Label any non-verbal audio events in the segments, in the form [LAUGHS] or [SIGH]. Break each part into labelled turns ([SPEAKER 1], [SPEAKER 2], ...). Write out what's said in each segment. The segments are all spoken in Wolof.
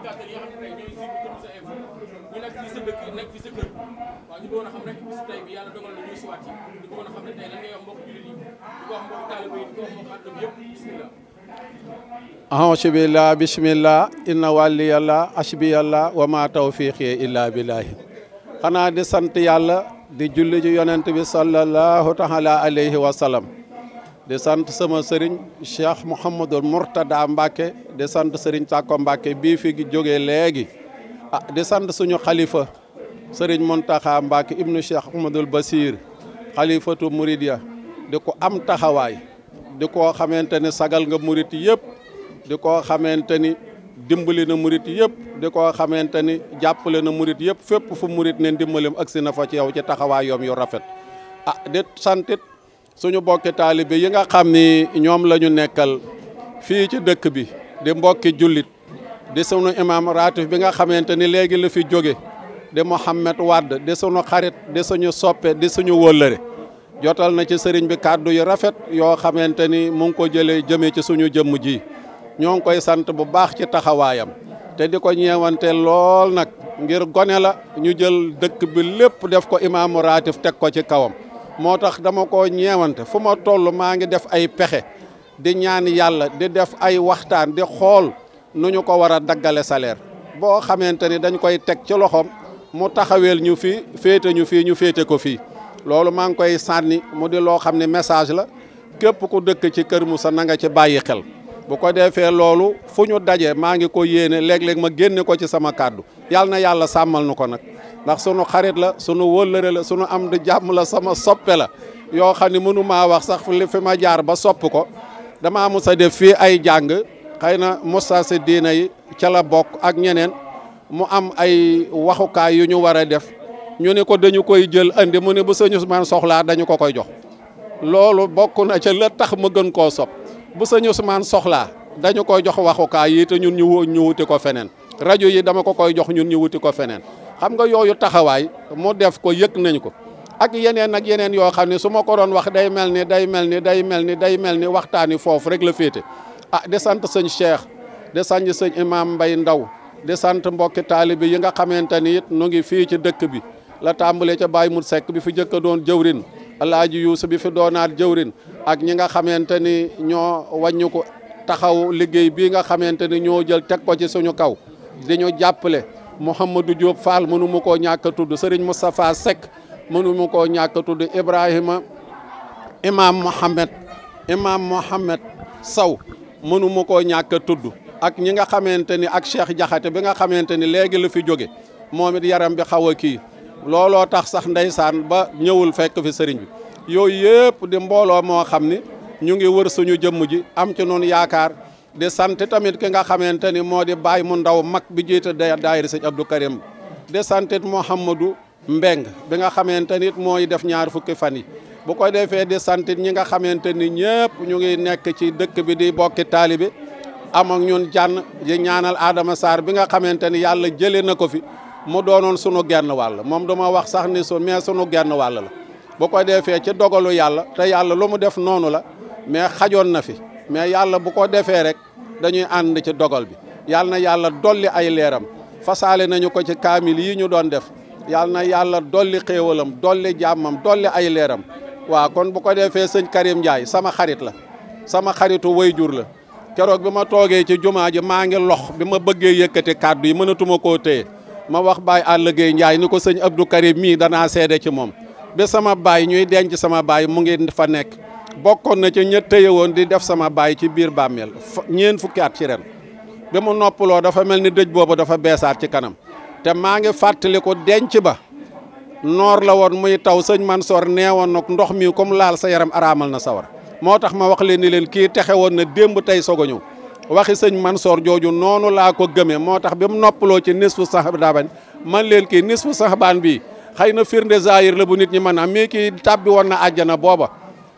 [SPEAKER 1] spectateurs yi nga a xam bismillah inna wàlli yàlla asbi yàlla wa ma tawfiqi illa xanaa di sant yàlla di julli ci yonent bi sallallahu taala alayhi wa di sant sama sëriñ Cheikh Mouhamadul Mourtada Mbacke di sant sëriñ Sakko Mbacke bii fi jógee léegi ah di sant suñu xalifa sëriñ Mountakha Mbacke ibnu Cheikh Ahmadul Basir xalifatu Mouridia di ko am taxawaay di koo xamante ni sagal nga murit yëpp di koo xamante ni dimbali na murit yëpp di koo xamante ni jàppale na murit yëpp fépp fu murit ne ndimbalim agsi na fa ci yow ci taxawaay yoom yu rafet ah di santit suñu bokki taalibe yi nga xam ni ñoom la ñu nekkal fii ci dëkk bi di mbokki jullit di sunu imam ratif bi nga xamante ni léegi la fi jóge di Mouhamed Wade di sunu xarit di suñu soppe di suñu wóllëre jotal na ci sëriñ bi kàddu yu rafet yoo xamante ni mu ngi ko jëlee jëmee ci suñu jëmm ji ñoo ngi koy sant bu baax ci taxawaayam te di ko ñeewante lool nag ngir gone la ñu jël dëkk bi lépp def ko imaamu raatif teg ko ci kawam moo tax dama ko ñeewante fu ma toll maa ngi def ay pexe di ñaan yàlla di def ay waxtaan di xool nu ñu ko war a daggale salaire boo xamante ni dañ koy teg ci loxoom mu taxaweel ñu fii féete ñu fii ñu féete ko fii loolu maa ngi koy sànni mu di loo xam ne message la képp ku dëkk ci Kër Moussa na nga ci bàyyi xel bu ko defee loolu fu ñu daje maa ngi ko yéene léeg-léeg ma génne ko ci sama kàddu yàlla na yàlla sàmmal nu ko nag ndax sunu xarit la sunu wóllëre la sunu am di jàmm la sama soppe la yoo xam ne mënu wax sax li fi ma jaar ba sopp ko dama mos a def fii ay jàng xay na mosaase diina yi ca bokk ak ñeneen mu am ay waxukaay yu ñu war a def ñu ne ko dañu koy jël andi mu ne bu sëñ Ousmane soxlaa dañu ko koy jox loolu bokk na ca la tax ma gën koo sopp bu sëñ Ousmane soxlaa dañu koy jox waxukaay yii te ñun ñu ñu wuti ko feneen rajo yi dama ko koy jox ñun ñu wuti ko feneen xam nga yooyu taxawaay mu def ko yëg nañ ko ak yeneen ak yeneen yoo xam ne su ma ko doon wax day mel ni day mel ni day mel ni day mel ni waxtaani foofu rek la féete ah di sant sëñ Cheikh di sañ sëñ Imam Mbay Ndaw di sant mbokki taalibe yi nga xamante ni it nu ngi fii ci dëkk bi la tàmbalee ca Baye Mut Seck bi fi jëkk a doon jëwrin Alaaji Yuusu bi fi doonaat jëwrin ak ñi nga xamante ni ñoo wàññi taxaw liggéey bii nga xamante ni ñoo jël teg ko ci suñu kaw dañoo jàppale Mouhamadou Diop Fall mënu ma koo ñàkk a tudd Serigne Moustapha Seck mënu ma koo ñàkk a tudd Ibrahima Imam Mohamed Imam Mohamed Sow mënu ma koo ñàkk tudd ak ñi nga xamante ni ak Cheikh Jaxate bi nga xamante ni léegi la fi jóge moomit yaram bi xaw a kii looloo tax sax ndeysaan ba ñëwul fekk fi sëriñ bi yooyu yëpp di mbooloo moo xam ni ñu ngi wër suñu jëmm ji am ci noonu yaakaar di sant tamit ki nga xamante ni moo di bàyyi mu ndaw mag bi jiite daayira sëñ Abdou Karim di santit Mouhamadou Mbeng bi nga xamante nit mooy def ñaar fukki fan yi bu ko defee di santit ñi nga xamante ni ñëpp ñu ngi nekk ci dëkk bi di bokki taalibe am ak ñun jànn di ñaanal Adama saar bi nga xamante ni yàlla jëlee na ko fi mu doonoon sunu genn wàll moom duma wax sax ni su mais sunu genn wàlla la bu ko defee ci dogalu yàlla te yàlla lu mu def noonu la mais xajoon na fi mais yàlla bu ko defee rek dañuy ànd ci dogal bi yàlla na yàlla dolli ay leeram fasaale nañu ko ci kaamil yi ñu doon def yàlla na yàlla dolli xéewalam dolli jàmmam dolli ay leeram waaw kon bu ko defee sëñ Karim Ndiaye sama xarit la sama xaritu wayjur la keroog bi ma toogee ci jumaa ji maa ngi lox bi ma bëggee yëkkati kàddu yi mënatuma ko téye ma wax baay àll Gueye Ndiaye ni ko sëñ Abdou Karim mii danaa seede ci moom ba sama baay ñuy denc sama baay mu ngi fa nekk bokkoon na ca ña tëye di def sama baay ci biir bàmmeel ñeen fukki at ci ren bi mu noppaloo dafa mel ni dëj boobu dafa beesaat ci kanam te maa ngi fàttaliku denc ba noor la woon muy taw sëñ Mansoor nee woon nag ndox mi comme laal sa yaram araamal na sawar moo tax ma wax leen ni leen kii texe woon na démb tey soog a ñëw waxi sëñ Mansoor jooju noonu laa ko gëmee moo tax bi mu noppaloo ci nisfu saxabaan man leen kii nisfu saxabaan bii xëy na firnde zaahir la bu nit ñi mën a am tàbbi woon na àjjana booba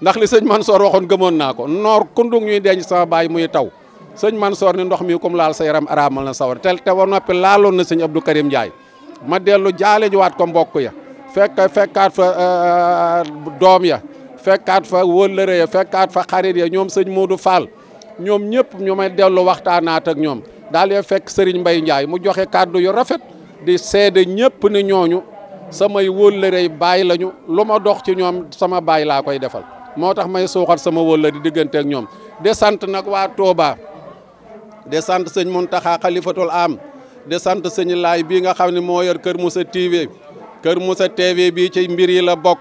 [SPEAKER 1] ndax li sëñ Mansoor waxoon gëmoon naa ko noor kundung ñuy denc sama baay muy taw sëñ Mansoor ni ndox mi comme laal sa yaram araamal na sawar tel te war noppi laaloon na sëñ Abdou Karim Ndiaye ma dellu jaale waat ko mbokk ya fekk fekkaat fa euh, euh, doom ya fekkaat fa wëllëre fekkaat fa xarit ya ñoom sëñ Modou Fall ñoom ñëpp ñu may dellu waxtaanaat ak ñoom daal di fekk Serigne Mbaye Ndiaye mu joxe kàddu yu rafet di seede ñëpp ne ñooñu samay wëllërey baay lañu lu ma dox ci ñoom sama baay laa koy defal. moo tax may suuxat sama wólla di diggante ak ñoom de sant nag waa Touba de sant sëñ Muntaxa xalifatul am de sant sëñ laay bii nga xam ne moo yor Kër mu sa TV Kër Moussa TV bii ci mbir yi la bokk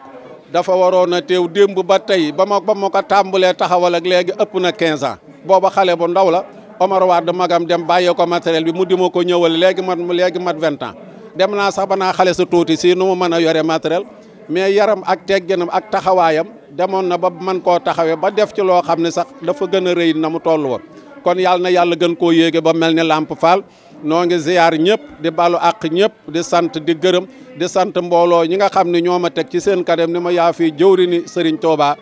[SPEAKER 1] dafa waroon a teew démb ba tey ba ma ba ma ko tàmbalee taxawal ak léegi ëpp na 15 ans booba xale bu ndaw la Omar Wade magam dem bàyyee ko matériel bi mu di ko ñëwal léegi mat léegi mat 20 ans dem naa sax ba naa xale sa tuuti si nu mu mën a yore matériel mais yaram ak tegginam ak taxawaayam. demoon na ba man koo taxawee ba def ci loo xam ne sax dafa gën a rëy na mu toll woon kon yàlla na yàlla gën koo yéege ba mel ni làmp Fall noo ngi ziyaar ñëpp di balu àq ñëpp di sant di gërëm di sant mbooloo ñi nga xam ne ñoo ma teg ci seen kanam ni ma yaa fi jëwri ni Serigne Touba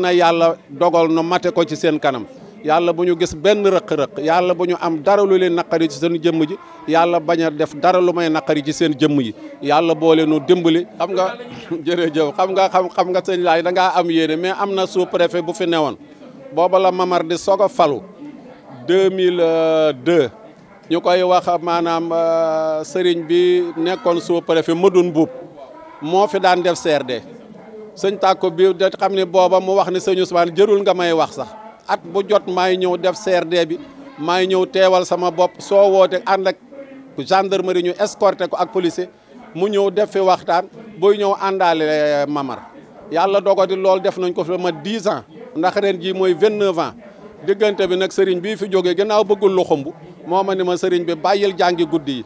[SPEAKER 1] na yàlla dogal nu mate ko ci seen kanam yàlla bu ñu gis benn rëq-rëq yàlla bu ñu am dara lu leen naqari ci seen jëmm ji yàlla bañ a def dara lu may naqari ci seen jëmm yi yàlla boole nu dimbali. xam nga [LAUGHS] jërëjëf xam nga xam xam nga sëñ laay da am yéene mais am na sous préfet bu fi newoon booba la Mamar di soog a falu 2002 ñu koy wax maanaam euh, sëriñ bi nekkoon sous préfet Madoune Mbuub moo fi daan def CRD sëñ tàkko bi da xam ne booba mu wax ne sëñu Ousmane jërul nga may wax sax. at bu jot maay ñëw def CRD bi maay ñëw teewal sama bopp soo woote ànd ak gendarmerie ñu escorté ko ak policier mu ñëw def fi waxtaan booy ñëw àndaale eh, Mamar yàlla di loolu def nañ ko fi ma 10 ans ndax ren jii mooy 29 ans diggante bi nag sëriñ bii fi jógee gannaaw bëggul lu xumb moo ma ne ma sëriñ bi bàyyil jàngi guddi yi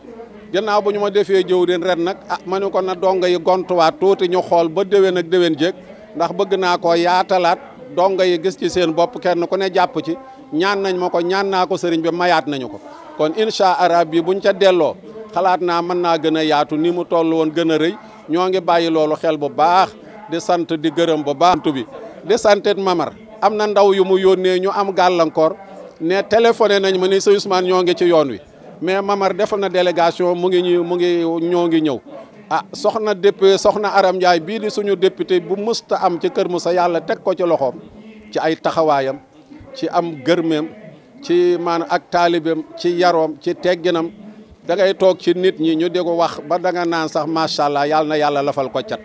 [SPEAKER 1] gannaaw bu ñu ma defee jëw den ren nag ah ma ne ko na donga yi gontuwaat tuuti ñu xool ba déwén ak déwén jéeg ndax bëgg naa koo yaatalaat donga yi gis ci seen bopp kenn ku ne jàpp ci ñaan nañ ma ko ñaan naa ko sëriñ bi mayaat nañu ko kon incha arab bi buñ ca delloo xalaat naa mën naa gën a yaatu ni mu toll woon gën a rëy ñoo ngi bàyyi loolu xel bu baax di sant di gërëm bu baax bi di santet mamar am na ndaw yu mu yónnee ñu am gàllankoor ne téléphoné nañ ma ni sa Ousmane ñoo ngi ci yoon wi mais mamar defal na délégation mu ngi mu ngi ñoo ngi ñëw ah soxna député soxna Aram Ndiaye bii di suñu député bu mësta am ci Kër Moussa yàlla teg ko ci loxoom ci ay taxawaayam ci am gërmeem ci maanaam ak taalibeem ci yaroom ci tegginam dangay toog ci nit ñi ñu di ko wax ba da naan sax macha allah yàlla na yàlla lafal ko cat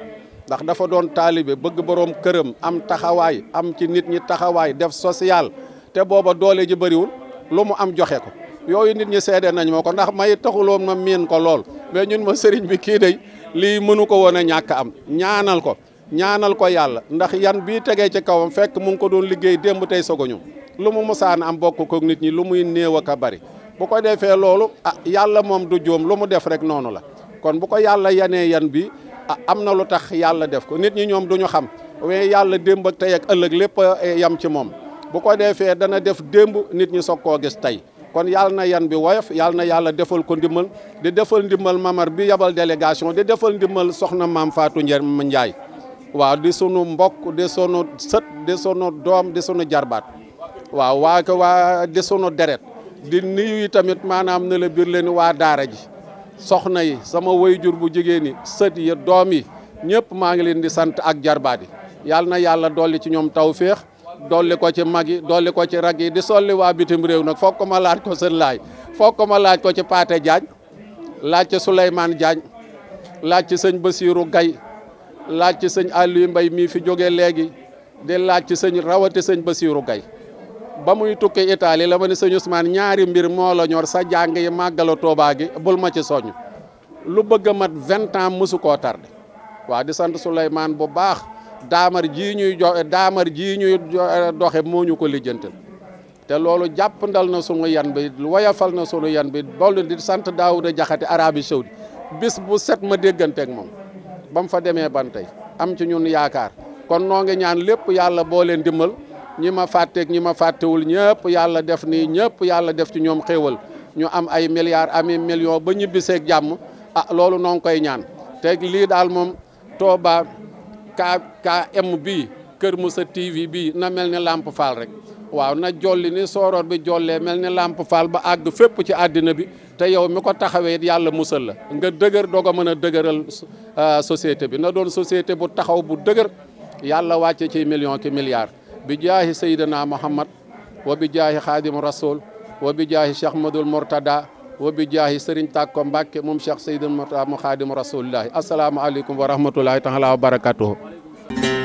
[SPEAKER 1] ndax dafa doon taalibe bëgg boroom këram am taxawaay am ci nit ñi taxawaay def social te booba doole ji bëriwul lu mu am joxe ko yooyu nit ñi seede nañ moo ko ndax may taxuloon ma miin ko lool. mais ñun ma sëriñ bi kii day lii mënu ko woon ñàkk am ñaanal ko ñaanal ko yàlla ndax yan bii tegee ci kawam fekk mu ngi ko doon liggéey démb tey sogoñu lu mu musaan am bokk ko nit ñi lu muy néew ak a bari bu ko defee loolu ah yàlla moom du joom lu mu def rek noonu la kon bu ko yàlla yanee yan bi ah am na lu tax yàlla def ko nit ñi ñoom du ñu xam waaye yàlla démba ak tey ak ëllëg lépp yam ci moom bu ko defee dana def démb nit ñi soog koo gis tey kon yàlla na yan bi woyof yàlla na yàlla defal ko ndimbal di defal ndimbal mamar bi yabal delegation di defal ndimbal soxna maam Fatou Ndiaye waaw di sunu mbokk di sunu sët di sunu doom di sunu jarbaat waaw waa ko waa di sunu deret di nuyu tamit maanaam ne la biir leen waa daara ji soxna yi sama wayjur bu jigéen yi sët yi doom yi ñëpp maa ngi leen di sant ak jarbaat yi yàlla na yàlla dolli ci ñoom tawféex dolli ko ci mag yi dolli ko ci rag yi di solli waa bitim réew nag foog ko ma laaj ko seen laaj foog ko ma laaj ko ci Paate Jaañ laaj ci Souleymane Jaañ laaj ci sëñ Basiiru Gay laaj ci sëñ Aliou Mbay mi fi jóge léegi di laaj ci sëñ rawati sëñ Basiiru Gay ba muy tukki Italie la ma ne sëñ ñaari mbir moo ñor sa jàng yi màggala Tuubaa gi bul ma ci soññ lu bëgg a mat vingt ans mosu koo tardé waaw di sant Souleymane bu baax daamar ji ñuy joxe daamar ji ñuy doxe moo ñu ko lijjantal te loolu jàppandal na sunu yan bi woyafal na sunu yan bi boolu di sant Daawuda Jaxate Araabi Saudi bis bu set ma dégganteeg moom ba mu fa demee ban am ci ñun yaakaar kon noo ngi ñaan lépp yàlla boo leen dimbal ñi ma fàtteeg ñi ma fàttewul ñëpp yàlla def nii ñëpp yàlla def ci ñoom xéewal ñu am ay milliards amee million ba ñibbiseeg jàmm ah loolu noo koy ñaan te lii daal moom Touba KKM bii Kër Moussa TV bii na mel ni Lamp Fall rek waaw na jolli ni sooroor bi jollee mel ni Lamp Fall ba àgg fépp ci àddina bi te yow mi ko taxawee yàlla musal la nga dëgër doog a mën a dëgëral euh, société bi na doon société bu taxaw bu dëgër yàlla wàcce ci million ki milliard bi jaahi Seydina Muhammad wa bi jaahi Xaadimu Rasul wa bi jaahi Cheikh Madul Mortada wa bi jaahi sëriñ Tàkko Mbàkke moom Cheikh Seydou Mouta mu Xaadimu Rasulillahi asalaamaaleykum wa rahmatulahi taala wa barakatuhu